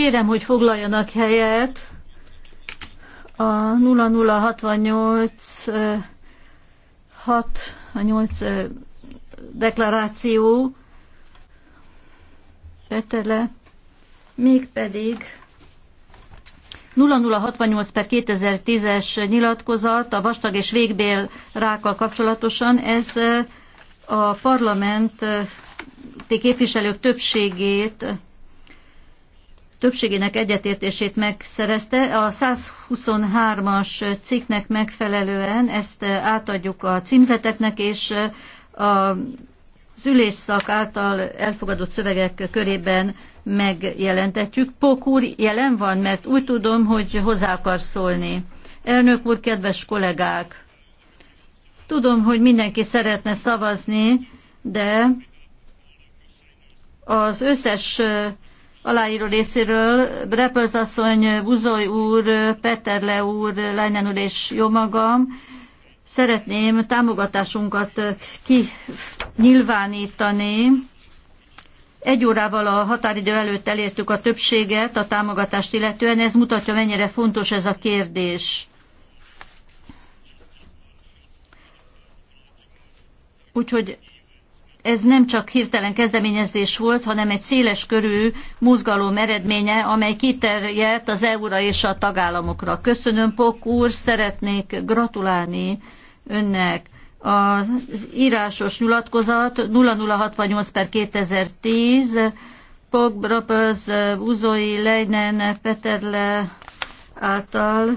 Kérem, hogy foglaljanak helyet. A 0068 6 a 8 deklaráció vetele, mégpedig 0068 per 2010-es nyilatkozat a vastag és végbél rákkal kapcsolatosan, ez a parlament képviselők többségét többségének egyetértését megszerezte. A 123-as cikknek megfelelően ezt átadjuk a címzeteknek, és a az ülésszak által elfogadott szövegek körében megjelentetjük. Pók úr jelen van, mert úgy tudom, hogy hozzá akar szólni. Elnök úr, kedves kollégák! Tudom, hogy mindenki szeretne szavazni, de az összes aláíró részéről Brepels asszony, Buzoly úr, Peterle úr, Lányán úr és jó magam. Szeretném támogatásunkat kinyilvánítani. Egy órával a határidő előtt elértük a többséget a támogatást illetően. Ez mutatja, mennyire fontos ez a kérdés. Úgyhogy ez nem csak hirtelen kezdeményezés volt, hanem egy széles körű mozgalom eredménye, amely kiterjedt az EU-ra és a tagállamokra. Köszönöm, Pok úr, szeretnék gratulálni önnek. Az írásos nyilatkozat 0068 per 2010, Pok, Brapöz, Uzoi, Leinen, Peterle által